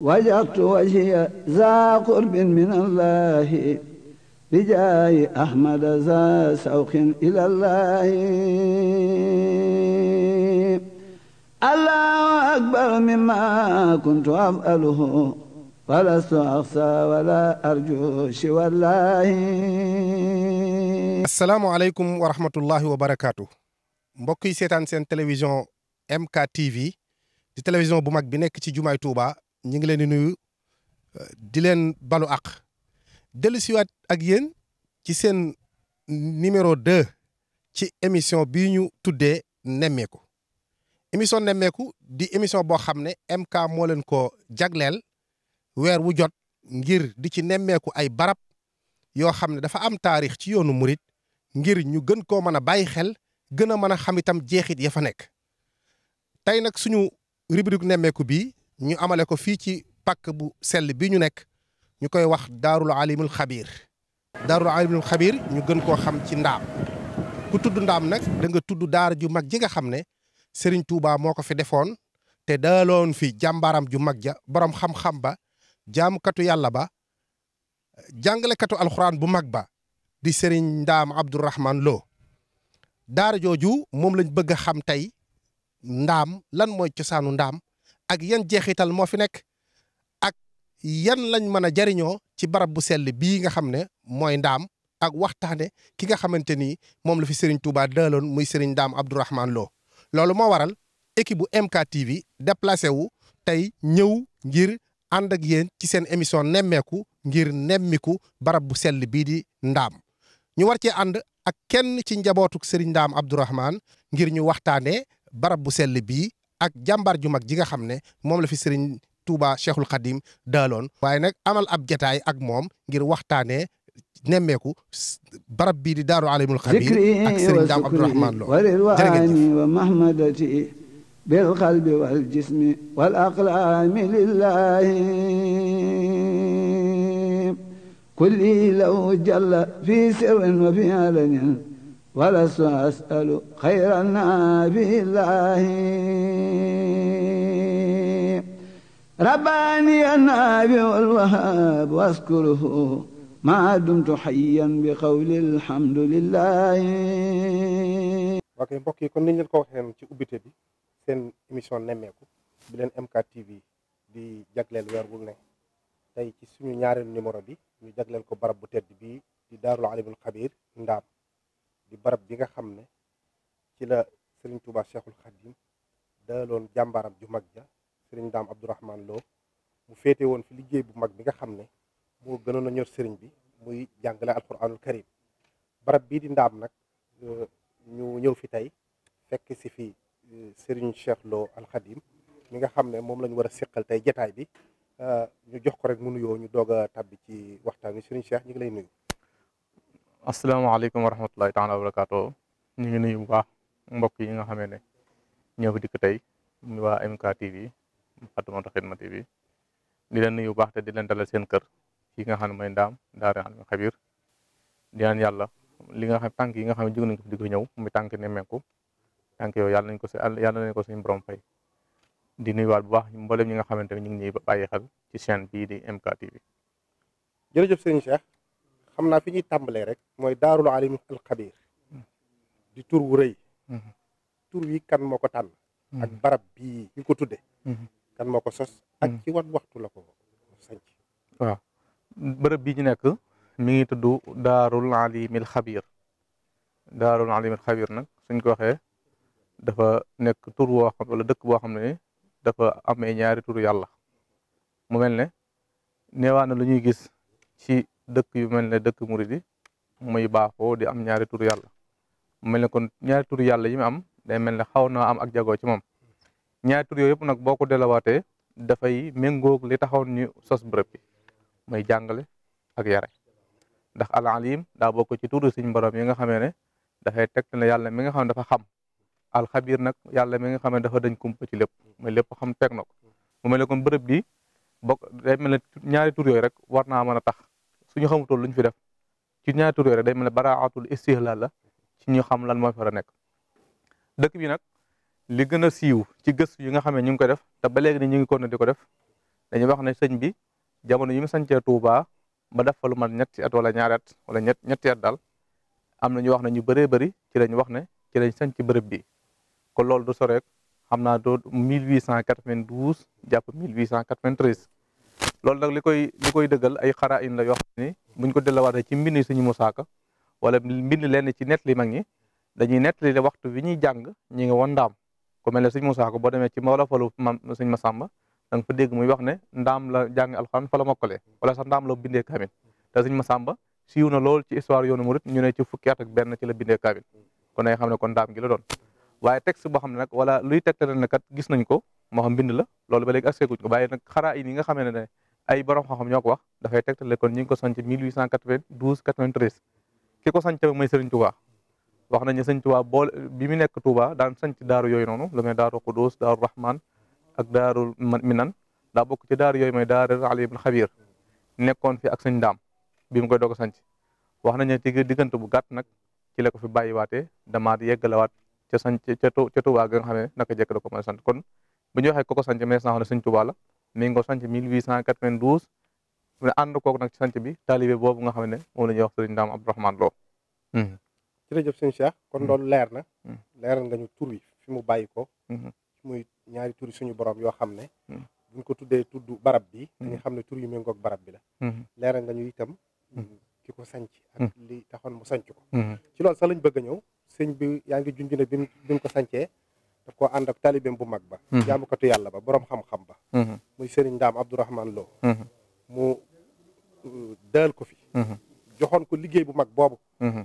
وجهت وجهي ذا قرب من الله بجاي أحمد ذا سوق إلى الله الله أكبر مما كنت أفعله ولست أخسى ولا أرجو سوى الله السلام عليكم ورحمة الله وبركاته mbokk yi seetaan seen télévision MK TV di télévision bu mag bi nekk ci jumaay Touba ñu ngi leen di nuyu uh, di leen balu àq dellusiwaat ak yéen ci seen numéro 2 ci émission bii ñu tuddee nemmeeku émission nemmeeku di émission boo xam ne MK moo leen ko jagleel weer wu jot ngir di ci nemmeeku ay barab yoo xam ne dafa am taarix ci yoonu murit ngir ñu gën koo mën a bàyyi xel gën a mën a xam itam jeexit ya fa nekk tey nag suñu rubrique nemmeeku bii ñu amale ko fii ci pàkk bu sell bi ñu nekk ñu koy wax daarul alimul xabiir daarul alimul xabiir ñu gën koo xam ci ndaam ku tudd ndaam nag danga tudd daara ju mag ji nga xam ne Serigne Touba moo ko fi defoon te daaloon fi jàmbaaram ju mag ja boroom xam-xam ba jaamkatu yàlla ba jàngalekatu alxuraan bu mag ba di Serigne Ndaam Abdourahman Lo daar jooju moom lañ bëgg a xam tey ndaam lan mooy cosaanu ndaam ak yan jeexital moo fi nekk ak yan lañ mën a jariñoo ci barab bu sell bii nga xam ne mooy ndaam ak waxtaane ki nga xamante ni moom la fi Serigne Touba daaloon muy seriñ Ndaam Abdourahmane Lo loolu moo waral équipe bu MKTV déplacé wu tey ñëw ngir ànd ak yéen ci seen émission nemmeeku ngir nemmiku barab bu sell bii di ndaam ñu war cee ànd ak kenn ci njabootu Serigne Ndaam Abdourahmane ngir ñu waxtaanee barab bu sell bii ak jàmbaar ju mag ji nga xam ne moom la fi sëriñ Touba Cheikhul Khadim daaloon waaye nag amal ab jataay ak moom ngir waxtaanee nemmeeku barab bii di daaru alimul xabir eh, ak sëriñ Daam Abdourahman Lo warirwaani wa mahmadati bilqalbi wal jismi wal aqlaami lillahi kulli law jalla fi sirrin wa fi alanin ولست أسأل خير النبي الله رباني النبي والوهاب وأذكره ما دمت حيا بقول الحمد لله ok mbokk yi kon ni ñu leen ko waxee ci ubbite bi sen émission nemmeeku bi leen MK TV di jagleel weer wu ne tey ci suñu ñaareelu numéro bi ñu jagleel ko barab bu tedd bi di Daarul Alimul Xabiir Ndaam di barab bi nga xam ne ci la Serigne Touba Cheikhul Khadim daaloon jàmbaram ju mag ja Serigne Daam Abdourahman Lo mu féete woon fi liggéey bu mag bi nga xam ne moo gënoon a ñor Serigne bi muy jàngale alquranul karim barab bii di ndaam nag euh, ñu ñëw fi tey fekk si fi euh, Serigne Cheikh Lo Al Khadim mi nga xam ne moom la ñu war a siqal tey jataay bi euh, ñu jox ko rek mu nuyoo ñu doog a tàbbi ci waxtaan wi Serigne Cheikh ñu ngi lay nuyu. asalaamaaleykum wa rahmatulahi taala wa barakaatu ñu ngi nuyu bu baax mbokk yi nga xamee ne ñoo fi dikk tey muy waa MK TV Moukhaddamatoul Khidma TV di leen nuyu bu baax te di leen dalal seen kër fii nga xam ne mooy ndaam daara xam xabir di naan yàlla li nga xam tànk yi nga xam ne jóg nañ ko fi di ko ñëw muy tànk nemmeeku tànk yooyu yàlla nañ ko si yàlla nañ ko suñu borom fay di nuyuwaat bu baax mboolem ñi nga xamante ne ñu ngi ñuy bàyyi xel ci seen bii di MK TV. xam na fi ñuy tàmbalee rek mooy daarul alim al xabir di tur wu rëy tur wi kan moo ko tànn ak barab bii ñu ko tudde kan moo ko sos ak ci wan waxtu la ko sanc waaw barab bii ñu nekk mi ngi tudd daarul alim al xabir daarul alim al xabir nag suñ ko waxee dafa nekk tur woo xam wala dëkk boo xam ne dafa ame ñaari turu yàlla mu mel ne neewaa na gis dëkk yu mel ne dëkk murid yi muy baaxoo di am ñaari tur yàlla mel ne kon ñaari tur yàlla yi mu am day mel ne xaw na am ak jagoo ci moom ñaari tur yooyu yëpp nag boo ko delawaatee dafay méngoog li taxoon ñu sos bërëb bi muy jàngale ak yare ndax al alim daa bokk ci turu suñ borom yi nga xamee ne dafay tegt ne yàlla mi nga xam ne dafa xam alxabir nag yàlla mi nga xam ne dafa dañ kumpa ci lépp muy lépp xam teg na ko mu mel ne kon bërëb bi bokk day ñaari tur yooyu rek war naa mën a tax suñu xamutoon lu ñu fi def ci ñaari tur rek day mel ne baraatul istihlaal la ci ñu xam lan moo fi war a nekk dëkk bi nag li gën a siiw ci gëstu yi nga xam ne ñu ngi koy def te ba léegi ni ñu ngi continué di ko def dañuy wax ne sañ bi jamono yi mu sancee Touba ba def fa lu mat ñetti at wala ñaari at wala ñetti at daal am na ñu wax ne ñu bëree bëri ci lañ wax ne ci lañ sanc bërëb bi kon loolu du soreek xam naa doo 1892 jàpp 1893 loolu nag li koy li koy dëggal ay in la yoo xam ne buñ ko delluwaatee ci mbind suñu musaaka wala mbind lenn ci nett li mag ñi dañuy nett li waxtu bi ñuy jàng ñi ngi woon ndaam ku mel ne suñu musaaka boo demee ci Maola Fallou mam suñu Masamba da nga fa dégg muy wax ne ndaam la jàng alxuraan fa la mokkalee wala sax ndaam la bindee kaamil te ma samba siiw na lool ci histoire yoonu murit ñu ne ci fukki at benn ci la bindee kaamil kon ay xam ne kon ndaam gi la doon waaye texte boo xam ne nag wala luy tegtale ne kat gis nañ ko moo xam mbind la loolu ba léegi accès ko bàyyi nag xaraa yi nga xamee ne ay borom xam-xam ñoo ko wax dafay tegtale kon ñu ngi ko sanc 1892 93 ki ko sanc mooy Serigne Touba wax nañu Serigne Touba boole bi mu nekk Touba daan sanc daaru yooyu noonu lu mel daaru Qudus daaru Rahman ak daaru Minan daa bokk ci daaru yooyu mooy daaru Ali ibn Xabir nekkoon fi ak Serigne Daam bi mu koy doog a sanc wax nañu ci diggante bu gàtt nag ci la ko fi bàyyiwaatee damaat yeggalawaat ca sanc ca Touba ga nga xam ne jekk ko sant kon bu ñu waxee ko ko sanc mais sax na Serigne Touba la mi ngi ko sanc 1892 mu ne ànd kook nag ci sanc bi taalibe boobu nga xam ne moom la ñuy wax sëriñ Ndaam Abdourahman Lo mhm. jërëjëf sëñ Cheikh kon mhm. loolu leer na mhm. leeral nga ñu tur yi fi mu bàyyi ko muy ñaari tur yi suñu borom yoo xam ne buñ ko tuddee tudd barab bi dañu xam ne tur yu méngoog barab bi la leeral nga ñu itam ki ko sanc ak li taxoon mu sanc ko ci loolu sax lañ bëgg a ñëw sëñ bi yaa ngi junj ne bi mu ko sancee daf koo ànd ak talibeem bu mag ba mhm. jaamukatu yàlla ba boroom xam-xam ba mhm. muy sëriñ ndaam abdourahman loo mhm. mu euh, daal ko fi joxoon ko liggéey bu mag boobu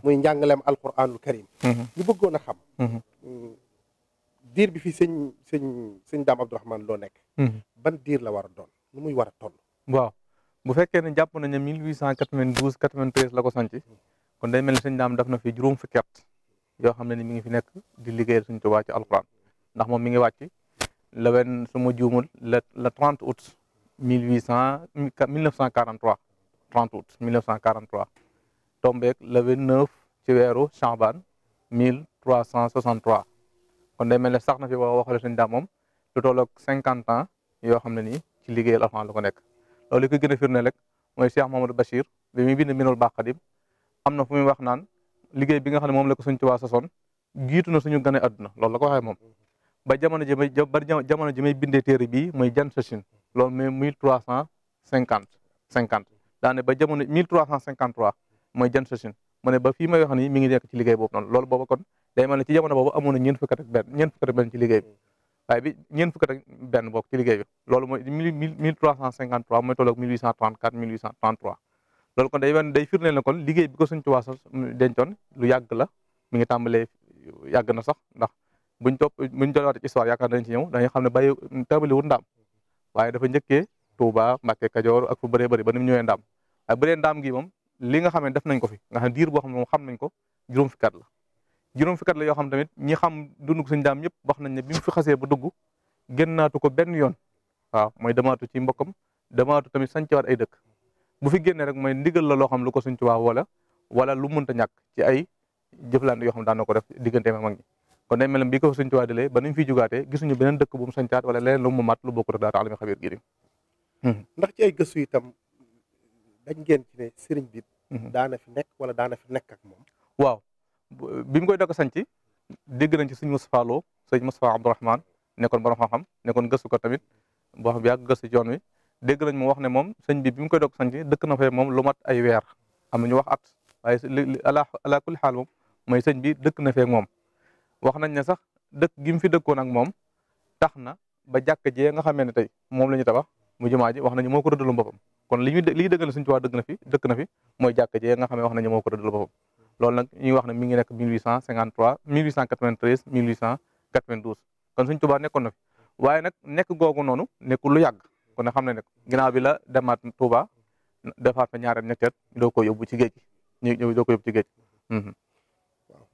muy njàngaleem alquranul karim ñu bëggoon a xam euh, diir bi fi sëñ sëñ sëñ daam abdourahman loo nekk ban diir la war a doon nu muy war a toll waaw bu fekkee ne jàpp nañu ne 1892 93 la ko sanc kon day mel ne sëñ daam def na fi juróom fukki at yoo xam ne ni mi fi nekk di liggéeyal ndax moom mi ngi wàcc le wen su ma juumul le le trente août mille huit cent mille neuf cent quarante trois trente août mille neuf cent tombeek le vingt neuf ci weeru Chaban mille trois cent soixante trois kon day mel ne sax na fi wax waxale suñu moom lu tolloog cinquante ans yoo xam ne nii ci liggéeyal alxuraan la ko nekk loolu li ko gën a firnde rek mooy Cheikh Mamadou Bachir bi muy bind Minanul Baqadim am na fu muy wax naan liggéey bi nga xam ne moom la ko suñ Tuubaa sasoon jiitu na suñu gane àdduna loolu la ko waxee moom ba jamono ji may ba jamono ji may bindee téere bii muy jan sachin loolu mooy mille trois cent cinquante cinquante daa ne ba jamono mille trois cent cinquante trois mooy jan sachin mu ne ba fii may wax ni mi ngi nekk ci liggéey boobu noonu loolu boobu kon day mel ne ci jamono boobu amoon na ñeent fukk ak benn ñeent fukk liggéey bi waaye bi ñeent fukk ak liggéey bi loolu mooy mille mille trois cent cinquante trois mooy tolloog mille huit cent trente day mel ne day firndeel ne kon liggéey bi ko suñ ci waasal lu yàgg la mi ngi tàmbalee yàgg na sax ndax buñ topp buñ jëlaat ci histoire yaakaar nañ ci ñëw dañuy xam ne bàyyi tàmbali wut ndaam waaye dafa njëkkee Touba Mbacke Kajoor ak fu bëree bëri ba ni mu ñëwee ndaam waaye bu ndaam gi moom li nga xam def nañ ko fi nga xam diir boo xam ne moom xam nañ ko juróom fukki la juróom fukki at yoo xam tamit ñi xam dundug suñ ndaam ñëpp wax nañ ne bi mu fi xasee ba dugg génnaatu ko benn yoon waaw mooy demaatu ci mbokkam demaatu tamit sañcewaat ay dëkk bu fi génnee rek mooy ndigal la loo xam lu ko suñ ci wax wala wala lu mënta ñàkk ci ay jëflante yoo xam daan na ko def diggante mag ñi kon day mel ne ba nu mu fiy jugaatee gisuñu beneen dëkk bu mu sancaat wala leneen lu mu mat lu bokkul ak daara alimi sëriñ bi hmm. daana fi wala daana nekk ak moom waaw bi mu koy dëkk sanc dégg nañ ci sëñ Moustapha Lo sëñ Moustapha Abdourahman nekkoon borom xam-xam nekkoon gasu ko tamit boo xam yàgg gëstu ci yoon wi dégg nañ mu wax ne moom sëñ bi bi mu koy dëkk sanc dëkk na fee moom lu mat ay weer am na ñu wax at waaye ala ala kulli xaal moom mooy sëñ bi dëkk na fee moom wax nañ ne sax dëkk gi mu fi dëkkoon ak moom tax na ba jàkk jee nga xamee ne tey moom la ñu tabax mu jumaa ji wax nañu moo ko rëddalu boppam kon li ñuy li ñu dëggal suñu Tuubaa dëkk na fi dëkk na fi mooy jàkk jee nga xamee wax nañu moo ko rëddalu boppam loolu nag ñuy wax ne mi ngi nekk 1853 1893 1892 kon suñu Tuubaa nekkoon na fi waaye nag nekk googu noonu nekkul lu yàgg kon nag xam ne ne ginnaaw bi la demaat Tuubaa defaat fa ñaareel ñetteel doo ko yóbbu ci géej gi ñu doo ko yóbbu ci géej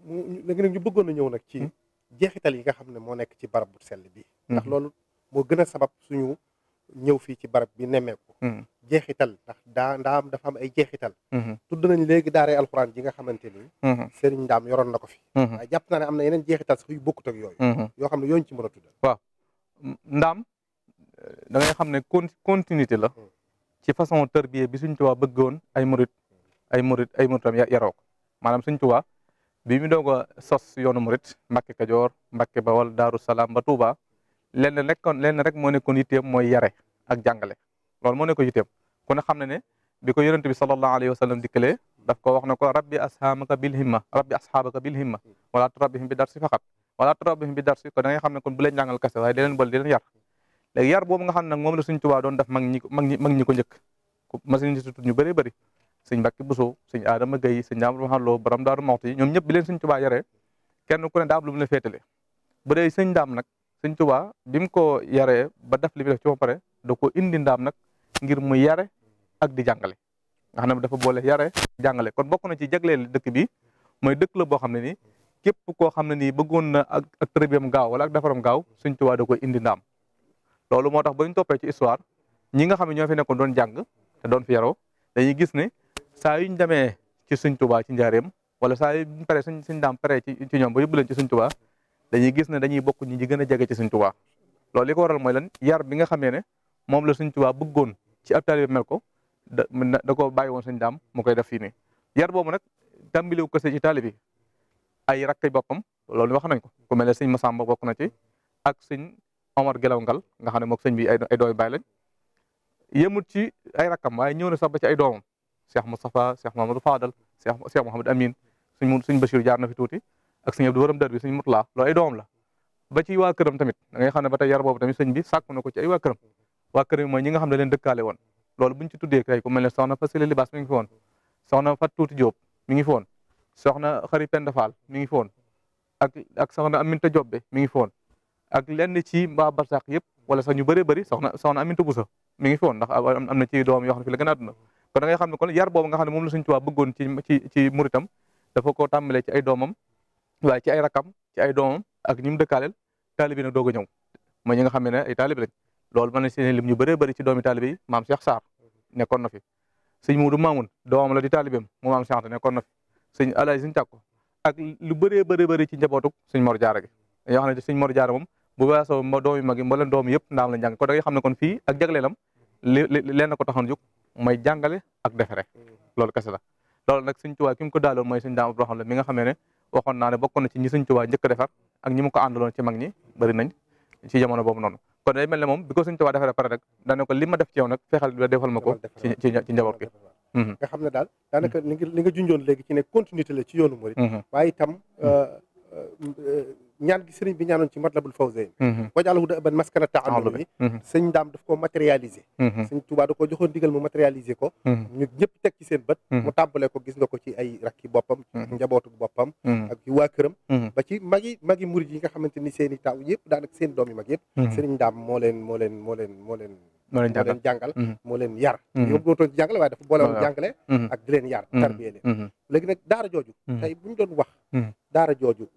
léegi nag ñu bëggoon a ñëw nag ci hmm? jeexital yi nga xam ne moo nekk ci barab bu sell bi hmm. ndax loolu moo gën sabab suñu ñëw fii ci barab bi nemmeeku hmm. jeexital ndax daa dafa am ay jeexital tudd nañ léegi daaree alxuraan ji nga xamante ni sëriñ ndaam yoroon na ko fi waaye jàpp naa ne am na yeneen jeexital sax yu bokkut ak yooyu yoo xam ne yooñu ci mën a tuddal waaw ndaam da xam ne continuité la ci façon tërbiye bi suñ tubaa bëggoon ay murit ay murit ay muritam yaroo ko maanaam suñ waa bi mu doog a sos yoonu murit Mbàkke Kajoor Mbàkke Bawol Daaru Salaam ba Touba lenn nekkoon lenn rek moo nekkoon yitteem mooy yare ak jàngale loolu moo nekkoon yitteem ku xam ne ne bi ko yonent bi sallallahu alayhi wa sallam daf ko wax na ko rabbi ashaabaka bil himma rabbi ashaabaka bil himma wala turabbihim bi darsi faqat wala turabbihim bi darsi kon yar yar boobu nga xam nag moom la suñ doon def mag ñi mag ñi mag ñi ko njëkk machine ñu bëri bëri sëñ Mbàkke Buso sëñ Adama Gaye sëñ Amadu Mahal Lo borom Daaru Moxti ñoom ñëpp bi leen sëñ Tubaa yaree kenn ku ne daa mu la féetale bu dee nag sëñ bi mu ko yaree ba def li mu def ci ba pare da ko indi ndaam nag ngir mu yare ak di jàngale nga xam ne dafa boole yare jàngale kon bokk na ci jagleel dëkk bi mooy dëkk la boo xam ne nii képp koo xam ne nii bëggoon na ak ak gaaw wala ak defaram gaaw sëñ ko indi ndaam loolu moo tax ba ñu toppee ci histoire ñi nga xam ne ñoo fi nekkoon doon jàng te doon fi yaroo dañuy gis ne saa yuñ demee ci suñ tubaa ci njaareem wala saa pare suñ suñ daam pare ci ci ñoom ba yóbbu leen ci suñ tubaa dañuy gis ne dañuy bokk ñu di gën a jege ci suñ tubaa loolu li ko waral mooy lan yar bi nga xamee ne moom la suñ tubaa bëggoon ci ab taalibe ko da da ko bàyyi woon suñ daam mu koy def fii nii boobu nag tàmbaliwu ko ci taalibe ay rakki boppam loolu wax nañ ko ku mel ne sëñ Masamba bokk na ak sëñ Omar Gelaw Ngal nga xam ne mook sëñ bi ay dooy bàyyi lañ yemut ci ay rakkam waaye ñëw na sax ba ci ay doomam Cheikh Moustapha Cheikh Mamadou Fadal Cheikh Cheikh Mouhamad Amin suñ suñ Bachir jaar na fi tuuti ak suñu Abdou Waram Dar bi suñ Mutla loolu ay doom la ba ci waa këram tamit da ngay xam ne ba tey yar boobu tamit sëñ bi sàkk na ko ci ay waa këram waa këram mooy ñi nga xam ne leen dëkkaale woon loolu buñ ci tuddee kay ku mel ne soxna Fassile Libaas mi ngi fi woon soxna Fat Tuuti Diop mi ngi fi woon soxna Xari Penda Fall mi ngi fi woon ak ak soxna Aminta Jobbe mi ngi fi woon ak lenn ci mbaa barsaq yëpp wala sax ñu bëree bëri soxna soxna Aminta Busa mi ngi fi woon ndax am na ci doom yoo xam ne fi la gën a àdduna kon da ngay xam ne kon yar boobu nga xam ne moom la Sëriñ Tuubaa bëggoon ci ci ci muritam ko tàmbalee ci ay doomam waaye ci ay rakam ci ay doomam ak ñi mu dëkkaaleel taalibi nag doog a ñëw mooy ñi nga ne ay taalibi lañ loolu mën na si ne ñu bëree bëri ci doomi taalibi yi maam Cheikh Sarr nekkoon na fi sëñ Muudu Maamun doomam la di taalibeem mu maam nekkoon na fi sëñ Alaay sëñ Tàkko ak lu bëree bëri bëri ci njabootuk sëñ Mor Jaara gi yoo xam ne sëñ Mor Jaara moom bu weesoo ma doom yi mag la njàng kon da ngay xam ne kon fii ak jagleelam lenn ko taxoon mooy jàngale ak defe rek mm-hmm. loolu kese nag suñ tubaa ki ko daaloon mooy suñ daam Abdourahmane mi nga xamee ci ñi suñ tubaa njëkk a defar ak ñi mu ko àndaloon ci mag ñi bëri ci jamono boobu noonu kon day mel ne moom bi ko suñ tubaa pare rek daane ko li def ci yow nag fexal defal ma ko ci ci njaboot Euh, ñaan gi sëriñ bi ñaanoon ci matlabul a mhm. wajaalahu da'ban maskana ta'allumi mhm. sëñ daam daf ko matérialiser mhm. sëñ Tuubaa da ko joxoon digal mu matérialiser ko ñu ñëpp teg ci seen bët mu tàmbale ko gis nga ko ci ay rakki boppam ak boppam ak ci waa ba ci magi magi murid nga xamante ni seen i taw yëpp daanaka seen doom yi mag yëpp sëriñ daam moo moo leen moo leen moo leen moo leen jàngal mhm. moo leen yar mhm. yóbbootoon ci jàngale waaye dafa boole woon jàngale mhm. ak di leen yar tarbiye leen léegi nag daara jooju tey bu ñu doon wax daara jooju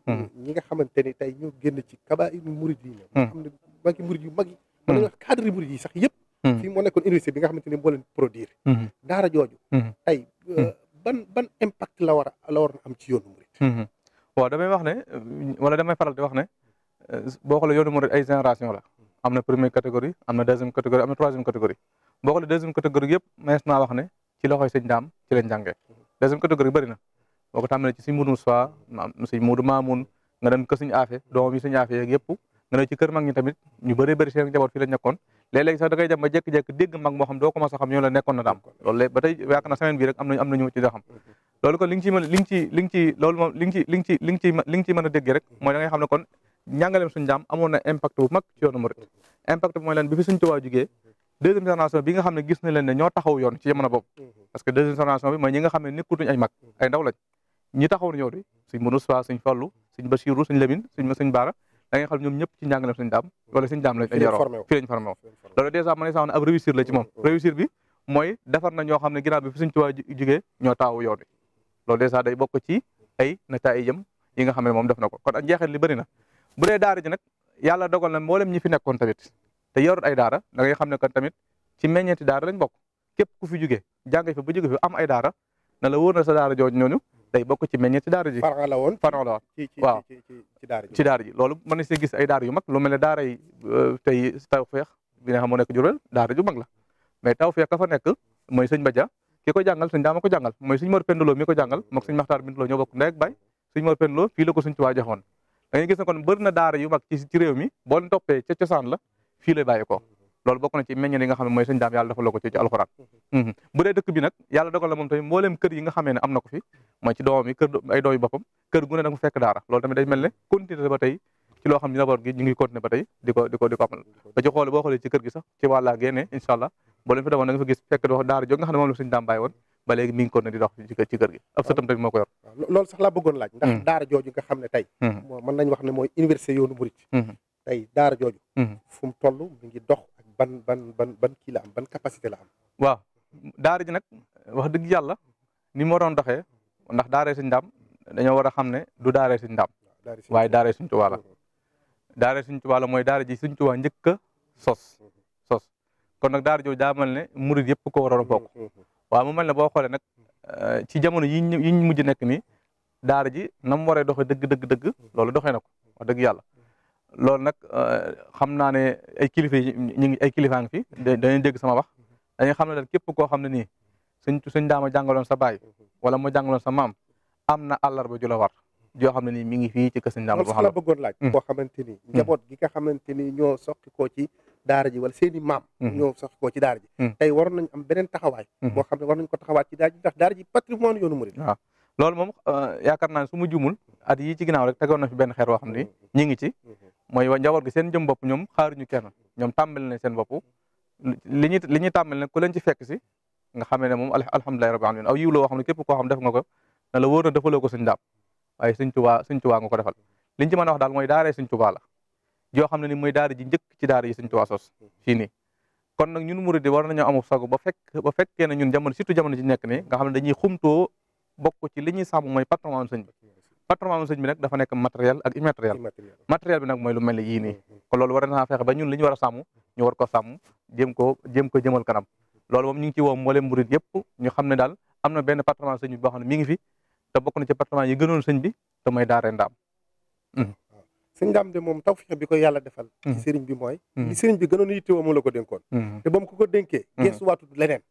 ñi nga xamante ni tey ñu génn ci kaba i murid yi ne nga xam ne banki murid yu mag yi mën nañu wax cadre murid yi sax yëpp fii moo nekkoon université bi nga xamante ni moo leen produire daara jooju tey euh, ban ban impact la war a la war na am ci yoonu murid waaw damay wax ne wala damay faral di wax ne euh, boo xoolee yoonu murid ay génération la am na première catégorie am na deuxième catégorie am na troisième catégorie boo xoolee deuxième catégorie yëpp mënees ne ci loxoy sëñ daam ci lañ jàngee deuxième catégorie boo ko tàmmalee ci sëñ Moudou Moussa sëñ Moudou Mamoun nga dem ko nga ne ci kër mag tamit ñu bëree seen njaboot fii lañ nekkoon léeg-léeg sax da ngay dem ba jékki-jékki doo commencé xam ñoo la na daam loolu lépp ba tey semaine bii rek am nañu am ci da xam loolu kon ci mën ci li nga ci njàngaleem suñ jaam amoon na impact bu mag ci yoonu murid impact bi mooy leen bi fi suñ Tuubaa jugee deuxième génération bi nga xam ne gis na leen ne ñoo taxaw yoon ci jamono boobu mm-hmm. parce que deuxième génération bi mooy ay mag ay ndaw lañ ñi taxaw ñoo di suñ Modou Sow suñ Fallu suñ Bachirou suñ Lamine suñ suñ Baara ñoom ñëpp ci njàngaleem suñ daam wala suñ daam lañ yaroo fii lañ ne ab réussir la ci moom mm-hmm. réussir bi mooy defar na ñoo ne ginnaaw bi fi suñ Tuubaa jugee ñoo taxaw yoon loolu dèjà day bokk ci ay nataayam yi nga xam ne moom def na ko kon ak njeexit li na bu dee daara ji nag yàlla dogal na mboolem ñi fi nekkoon tamit te yorut ay daara da ngay xam ne kon tamit ci meññeenti daara lañ bokk képp ku fi jóge jànge fi ba jóge fi am ay daara na la wóor na sa daara jooju ñooñu day bokk ci meññeenti daara ji. farxa la woon farxa la woon waaw ji loolu mën see gis ay daara yu mag lu mel ne daara yi euh, tey tawfeex bi nga xam moo nekk Jurbel daara ju mag la mais tawfeex ka fa nekk mooy sëñ Badia ki ko jàngal sëñ daama ko jàngal mooy sëñ Mor Penduloo mi ko jàngal moog sëñ Maxtaar Binduloo ñoo bokk ndey ak Mor Penduloo fii ko sëñ Tuubaa joxoon da ngay gis ne kon bëri daara yu mag ci ci réew mi boo toppee ca la fii lay ko loolu bokk na ci meññeen yi nga xam ne mooy sëñ dafa loo ko alxuraan mhm. Mhm. bu dee dëkk bi nag la moom tamit mbooleem kër yi nga xamee ne am na ko fi ci doomam kër ay doom fekk daara loolu tamit day mel ne continuer ba tey ci loo xam ne njaboot fi demoon da fekk daara jóg nga xam ne moom la sëñ daam bàyyi ba léegi mi ngi kon ne di dox ci ci kër gi ab sëtam tamit moo ko yor loolu sax laa bëggoon laaj hmm. jooju nga xam ne tey hmm. moo mën nañ wax ne mooy université yoonu murit hmm. tey daara jooju fu mu toll mi ngi dox ak ban ban ban ban kii la am ban capacité la am waaw daara ji nag wax dëgg yàlla ni moo doon doxee ndax daaree suñ daam dañoo war a xam ne du daaree suñ daam waaye daaree suñ tubaa la daaree suñ tubaa la mooy daara ji suñ tubaa njëkk a sos sos kon nag daara jooju daa mel ne murit yëpp ko waroon a bokk waaw mu mel na boo xoolee nag euh, ci jamono yi ñu mujj nekk nii daara ji na mu waree doxee dëgg dëgg dëgg loolu doxee na ko wax dëgg yàlla loolu nag euh, xam naa ne ay kilifa yi ñu ngi ay kilifa fi dañuy dégg sama wax dañuy xam ne daal képp koo xam ne nii suñ suñ daama jàngaloon sa baay wala mu jàngaloon sa maam am na àllarba ju la war joo xam ne nii mi ngi fii ci ka suñ daama. boo xam ne bëggoon laaj. Hmm. koo xamante ni. Hmm. njaboot gi nga xamante ni ñoo soqi koo ci. daara ji wala seen maam mhm. ñoo sax koo ci daara ji mhm. tey waroon nañ am beneen taxawaay mhm. boo xam ne war nañ ko taxawaat ci daara ji ndax daara ji patrimoine yoonu murid waaw moom euh, yaakaar naa ne su ma jumul at yii ci ginnaaw rek tegoon na fi benn xeer boo xam ne ñi ngi ci mooy wa njaboot gi seen jëm bopp ñoom xaaruñu kenn ñoom tàmbali seen bopp li ñuy li ñuy tàmbali nag ku ci fekk si nga xamee ne moom alhamdulilahi rabbil alamin aw yiw la woo xam ne képp koo xam def nga ko na la wóor na ko suñ daam waaye suñ tubaa ko defal liñ ci mën mooy daaree suñ tubaa yoo xam ne ni mooy daar ji njëkk ci daar yi Sëriñ Tuubaa sos fii nii kon nag ñun murid war nañoo amu sago ba fekk ba fekkee ne ñun jamono surtout jamono ci nekk ni nga xam ne dañuy xumtoo bokk ci li ñuy sàmm mooy patrimoine sëñ bi patrimoine sëñ bi nag dafa matériel ak immatériel matériel bi nag mooy lu mel ni yii nii mm-hmm. kon loolu war naa fexe ba ñun li ñu war a sàmm ñu war ko sàmm ko jéem ko jëmal kanam loolu moom ñu ngi ci woo mboolem murid yëpp ñu xam ne daal am na benn patrimoine sëñ bi boo xam ne mi ngi fi te bokk na ci patrimoine yi gënoon sëñ bi te mooy daaree ndaam mm-hmm. sëñ daam de moom taw fexe bi ko yàlla defal ci mhm. sëriñ bi mooy mhm. li sëriñ bi gënoon a yittewoo la ko dénkoon mhm. te ba mu ko ko dénkee geesuwaatut leneen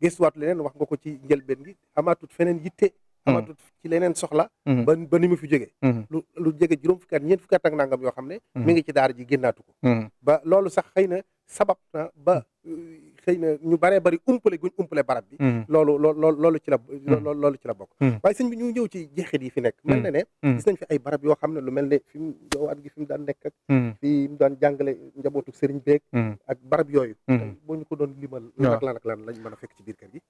geesuwaatu leneen wax nga ci njëlbeen gi amaatut feneen yitte amaatut ci leneen soxla ba ba ni mu fi jógee lu lu jóge juróom fukki at ñeent fukki at ak nangam yoo xam ne mi ngi ci daara ji génnaatu ko ba loolu sax xëy na sabab na ba euh, xëy na ñu baree bari umpale guñ umpale barab bi mm. loolu loolu loolu ci la loolu ci la bokk mm. mm. waaye sëñ bi ñu ñëw ci jeexit yi fi nekk mel na ne gis nañ fi ay barab yoo xam ne lu mel ne fi mu joowaat gi fi mu daan nekk ak fi mu daan jàngale njabootu sëriñ beeg ak barab yooyu boo ñu ko doon limal lan ak lan ak lan lañ mën a fekk ci biir kër gi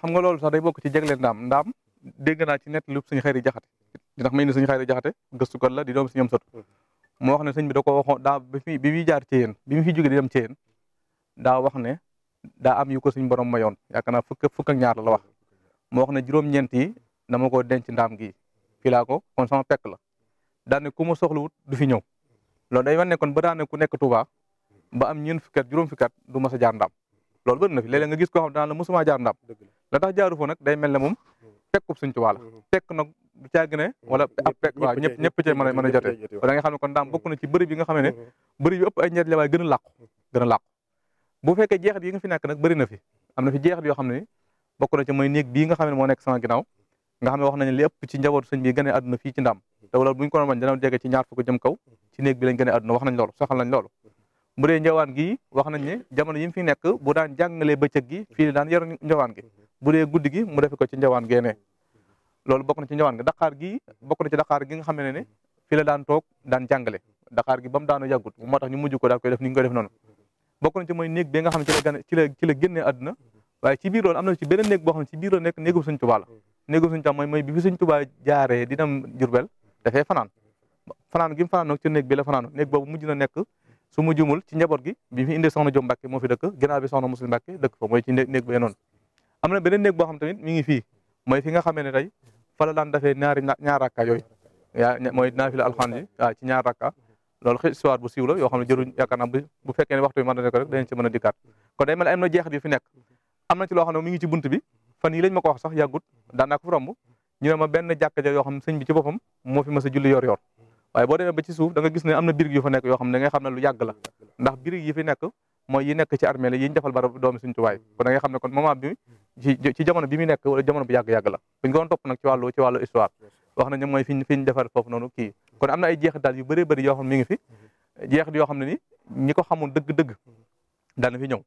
xam nga loolu sax day bokk ci jagleel ndaam ndaam dégg naa ci net lu suñu xëy di jaxate ndax may na suñu xëy di jaxate gëstukat la di doom si ñoom sot moo wax ne sëñ bi da ko waxoon bi muy jaar ci yéen bi fi jóge di dem ci daa wax ne daa am yuko ko suñ borom mayoon yaakaar naa fukk fukk ak ñaar la wax moo wax ne juróom-ñeent yi dama ko denc ndaam gi fii laa ko kon sama pekk la daane ku ma soxlawut du fi ñëw lool day wane ne kon ba daane ku nekk Touba ba am ñeent fukkat juróom fukkat du mas a jaar ndaam lool bëri na fi léeg nga gis koo xam daan la mosuma jaar ndaam la tax jaar foo nag day mel ne moom pekkub suñ Touba la mm-hmm. pekk nag du caag ne wala mm-hmm. ab pekk waaw ñëpp ñëpp cee mën a mën a mm-hmm. xam ne kon ndaam bokk na ci bi nga xam ne bëri yu ëpp gën a làqu gën a làqu bu fekkee jeexit yi nga fi nekk nag barina fi am na fi jeexit yoo xam ne bokk na ci mooy néeg bii nga xam ne moo nekk gi ginnaaw nga xam ne wax nañ li ëpp ci njabootu sëñ bi gën a àdduna fii ci ndam te loolu buñ ko doon kaw ci néeg a àdduna wax nañ loolu soxal nañ loolu bu dee njawaan gi wax nañ ne jamono yi mu fi nekk bu daan jàngalee bëccëg gi fii daan yaru njawaan gi bu dee guddi gi mu defe ko ci njawaan gee loolu bokk na ci njawaan gi daqaar gi bokk na ci daqaar gi nga xam ne fii la daan toog daan jàngale daqaar gi ba mu daanu yàggut moo tax ñu mujj ko daal koy def ni ñu def noonu bokk na ci mooy néeg bi nga xam ne ci la gan ci la ci la génnee àdduna waaye ci biir loolu am na ci beneen néeg boo xam ne ci biir la nekk néegu la néegu Sëñ Tuubaa mooy mooy bi fi Sëñ Tuubaa jaaree di dem Jurbel dafay gi mu fanaan nag ci néeg bi la fanaanu néeg boobu na nekk su mu jumul ci njaboot gi bi fi indee soxna Jóob Mbàkke moo fi dëkk ginnaaw bi soxna mooy ci néeg xam tamit mi ngi fii mooy fi nga xamee ne tey fa la daan dafee ñaari ñaar rakka yooyu yaa mooy naafila alxuraan ji waaw ci ñaar rakka loolu xëy histoire bu siiw la yoo xam ne jëruñ yaakaar bu fekkee ne waxtu bi nekk day mel am na jeexit yu fi nekk am na ci julli yor yor waaye boo demee ba ci suuf da gis ne am na birig yu fa nekk yi nekk ci armée yi ñu defal doomi suñ tuwaay kon da xam ne kon moment bi ci jamono bi muy nekk wala jamono bu yàgg-yàgg la buñ topp nag ci wàllu histoire wax na ñoom mooy fiñ fiñ defar foofu noonu kii kon am na ay jeexital yu bëree bëri yoo xam ngi fi jeexit yoo xam ne ni ñi ko xamoon dëgg-dëgg daana fi ñëw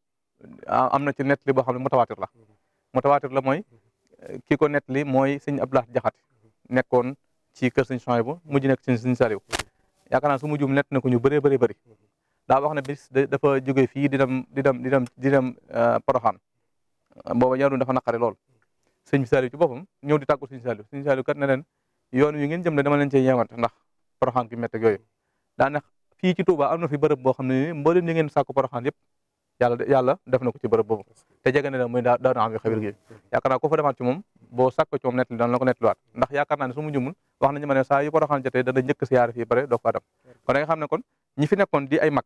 am na ci nett li boo xam ne mutawaatir la mutawaatir la mooy ki ko nett li mooy sëñ Abdoulaye Jaxate nekkoon ci kër sëñ Souhaïbou mujj nekk ci sëñ Saliou yaakaar naa su mujjum nett na ko ñu bëree bëri bëri daa wax ne bis dafa jóge fii di dam di dem di dem di dem euh, Poroxaan booba yaruñ dafa naqare lool sëñ Saliou ci boppam ñëw di tàggu sëñ Saliou sëñ Saliou kat ne leen yoon yu ngeen jëm ne dama leen cee yeewante ndax poroxaan gi métti yooyu daane fii ci Touba am na fi bërëb boo xam ne nii mboolem ñi ngeen sàkku poroxaan yëpp yàlla yàlla def na ko ci bërëb boobu te jege na la muy daa daana am yu gi yaakaar ko fa demaat ci moom boo sàkko ci moom nett daan la ko ndax yaakaar ne su mu jumul wax nañu ma ne saa yu poroxaan jotee dana njëkk siyaare fii bare doo ko adam kon da xam ne kon ñi fi nekkoon di ay mag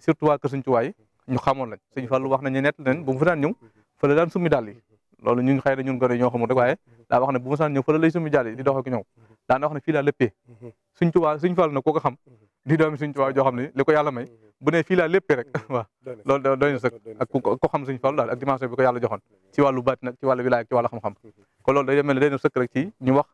surtout waa kër suñ tuwaay ñu xamoon lañ suñ fàllu wax nañu nett leen bu fi daan ñëw fa daan summi yi loolu ñun xëy na ñun gone ñoo xamul rek waaye mhm. daa wax ne bu ma saan ñëw fa la lay sumi jàll di dox ak ñëw mhm. daana wax ne fii laa léppee mhm. suñ tubaa suñ fàll na koo ko xam di may bu ne fii laa rek waaw loolu doy na sax ak ko xam suñ fàll daal ak dimension bi ko yàlla joxoon ci wàllu baat nag ci wàllu ak ci wàllu xam-xam kon loolu day ne day na sëkk rek ci ñu moom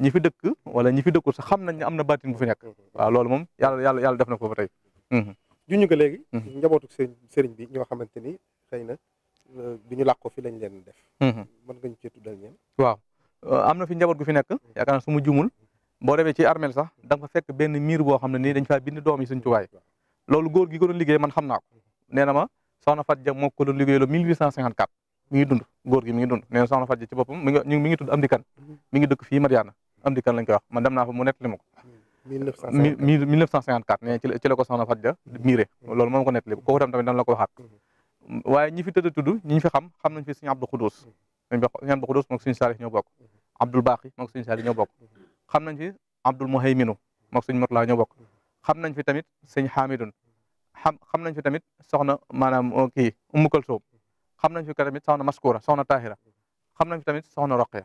ñi dëkk wala ñi fi dëkkul sax xam nañ am na baatin bu fi nekk waaw loolu moom yàlla yàlla yàlla def na ko ba tey juñu ko léegi mm-hmm. njabootu sëriñ sëriñ bi ñoo xamante ni euh, bi ñu làqoo fi lañ leen def mm-hmm. waaw euh, am na fi njaboot gu fi nekk mm-hmm. yaakaar naa su ma jumul boo demee ci armel sax da nga fa fekk benn miir boo xam ne nii dañ faa bind doom yi suñ tubaay loolu góor gi ko liggéey man xam naa ko nee na ma soxna Fat Ja moo ko doon liggéey lo 1854 mi ngi dund góor gi mi ngi dund nee soxna Fat ci boppam mi ngi tudd Amdi Kan mi ngi dëkk fii Mariana Amdi Kan naa fa nekk li ko 1954 ne ci la ko soxna Fadja miire loolu moom ko nettali kooku tam tamit dañ la waxaat mhm. waaye ñi fi tëdd tudd ñi fi xam xam nañ fi suñu Abdou Khoudous mhm. suñu Abdou Khoudous moog suñu Salif ñoo bokk mhm. Abdoul Baqi moog suñu Salif ñoo xam nañ fi Abdoul Muhayminu moog suñu Murtala ñoo bokk xam nañ fi tamit sëñ Hamidun xam xam nañ fi tamit soxna maanaam euh, kii Umu Kalsoom xam nañ fi tamit soxna Maskura soxna Tahira xam nañ fi tamit na Roqeya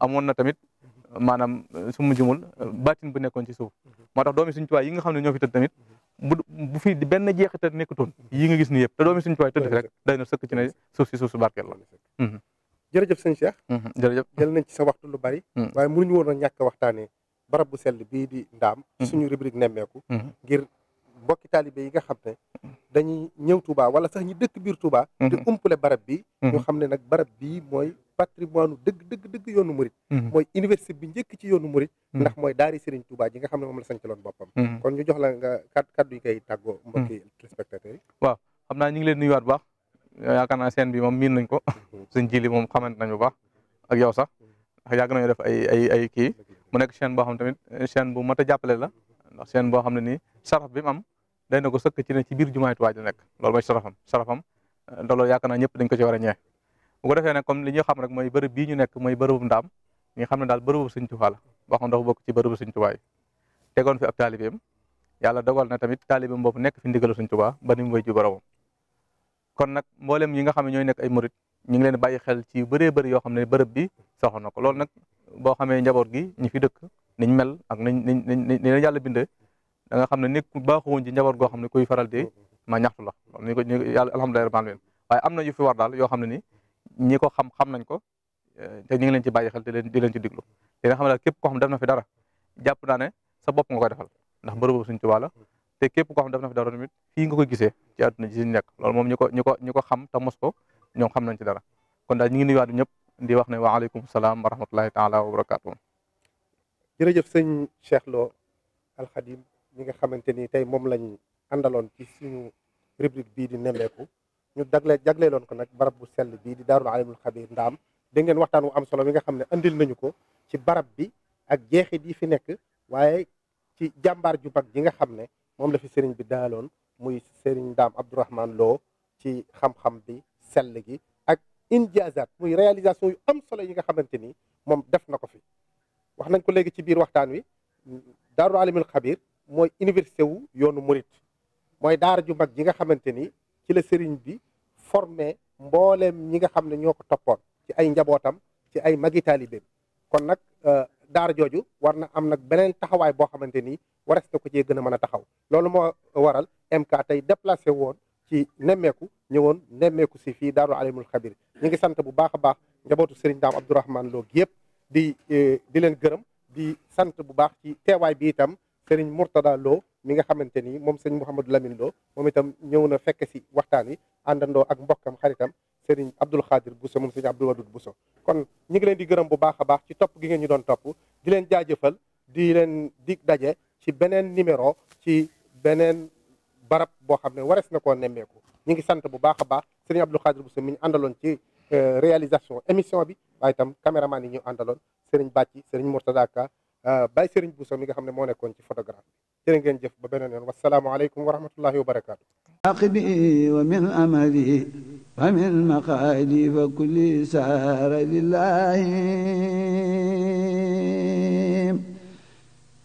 amoon na tamit maanaam su mu jumul baatin bu nekkoon ci suuf moo tax doomi suñ waay yi nga xam ne ñoo fi tëdd tamit bu bu fi benn nekk toon yi nga gis ni yëpp te doomi suñ tubaay tëdd fi rek day na sëkk ci ne suuf si suuf su barkeel la jërëjëf mhm. sëñ Cheikh mhm, jërëjëf jël nañ ci sa waxtu lu bari mhm. waaye mënuñu woon a ñàkk waxtaanee barab bu sell bii di ndaam suñu rubrique nemmeeku ngir mbokki taalibe yi nga xam ne dañuy ñëw Touba wala sax ñi dëkk biir Touba te mhm. umpale barab bi mhm. ñu xam ne nag barab bii mooy patrimoine dëgg dëgg dëgg yoonu murit mhm. mooy université bi njëkk ci yoonu murit ndax mooy daari Serigne Touba ji nga xam ne moom la loon boppam kon ñu jox la nga kàddu yi koy tàggoo mbokki téléspectateurs yi waaw xam naa ñu ngi leen nuyuwaat baax yaakaar naa seen bi moom miin nañ ko sëñ jili moom xamante nañu baax ak yow sax yàgg nañu def ay ay ay kii mu nekk chaîne boo xam tamit chaîne bu mat a jàppale la ndax seen boo xam ne ni saraf bi mu am day na ko sëkk ci ne ci biir jumaay Tuubaa ji nekk loolu mooy sarafam sarafam eh, loolu yaakaar naa ñëpp dañ ko ci war a ñee bu ko defee nag comme li ñu xam rek mooy bërëb bii ñu nekk mooy bërëbu ndaam ñi xam ne daal bërëbu Sëñ Tuubaa la waxoon dafa bokk ci bërëbu Sëñ Tuubaa yi tegoon fi ab taalibeem yàlla dogal na tamit taalibeem boobu nekk fi ndigalu Sëñ Tuubaa ba ni mu wéy ju boromam kon nag mboolem yi nga xam ne ñooy nekk ay murit ñu ngi leen bàyyi xel ci bëree bëri yoo xam ne bërëb bi soxla na ko loolu nag boo xamee njaboot gi ñi fi dëkk niñ mel ak nañ nañ nañ ni yàlla bindee da nga xam ne nekk baaxuwoon ci njaboot goo xam ne kuy faral de ma ñaxtu la ni ko yàlla alhamdulilah rabbil alamin waaye am na yu fi war daal yoo xam ne ni ñi ko xam xam nañ ko eh, te ñu ngi leen ci bàyyi xel di leen di leen ci diglu te nga xam ne daal képp koo xam def na fi dara jàpp naa ne sa bopp nga koy defal ndax bërëbu Sëriñ Tuubaa la te képp koo xam ne def na fi dara tamit fii nga koy gisee ci àdduna ji si nekk loolu moom ñi ko ñi ko ñi ko xam te mos ko ñoom xam nañ ci dara kon daal ñu ngi nuyuwaat ñëpp di wax ne waaleykum salaam wa rahmatullahi taala wa barakatuh jërëjëf sëñ Cheikh Lo Alxadim ñi nga xamante ni tey moom lañ àndaloon ci suñu rubrique bii di nemmeeku ñu jagle jagleeloon ko nag barab bu sell bii di daarul alimul xabir ndaam dégg ngeen waxtaan wu am solo bi nga xam ne andil nañu ko ci barab bi ak jeexit yi fi nekk waaye ci jàmbaar ju mag ji nga xam ne moom la fi sëriñ bi daaloon muy sëriñ ndaam Abdourahman loo ci xam-xam bi sell gi ak injazat muy réalisation yu am solo yi nga xamante ni moom def na ko fi wax nañ ko léegi ci biir waxtaan wi daarul alimul xabir mooy université wu yoonu murit mooy daara ju mag ji nga xamante ni ci la sëriñ bi formé mboolem ñi nga xam ne ñoo ko toppoon ci ay njabootam ci ay magi taalibeem kon nag euh, daara jooju war na am nag beneen taxawaay boo xamante ni warees na ko cee gën mën a taxaw loolu moo waral MK tey déplacé woon ci nemmeeku ñëwoon nemmeeku si fii daarul alimul xabir ñu ngi sant bu baax a baax njabootu sëriñ daam Abdourahman Lo yëpp di e, di leen gërëm di sant bu baax ci teewaay bi itam Serigne Mourtada Lo mi nga xamante ni moom sëñ Mouhamadou Lamine Lo moom itam ñëw na fekk si waxtaan yi àndandoo ak mbokkam xaritam Serigne Abdoul bu Bousso moom sëñ Abdoul bu so kon ñu ngi leen di gërëm bu baax a baax ci topp gi ngee ñu doon topp di leen jaajëfal di leen di daje ci beneen numéro ci beneen barab boo xam ne warees na koo nemmeeku ñu ngi sant bu baax a baax Serigne Abdoul Khadir Bousso mi ñu àndaloon ci Euh, réalisation émission bi waaye itam caméraman yi ñu àndaloon Serigne Bàcci Serigne Mourtada Ka euh, Baye Serigne Bousso mi nga xam ne moo nekkoon ci photographie jërë ngeen jëf ba beneen yoon wasalaamualeykum wa rahmatullahi wa barakaatu. aqibi wa min amali wa min maqaali fa kulli saara lillahi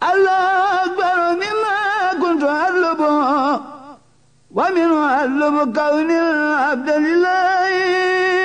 allah akbar mimma kuntu allubu wa min allubu kawni abda lillahi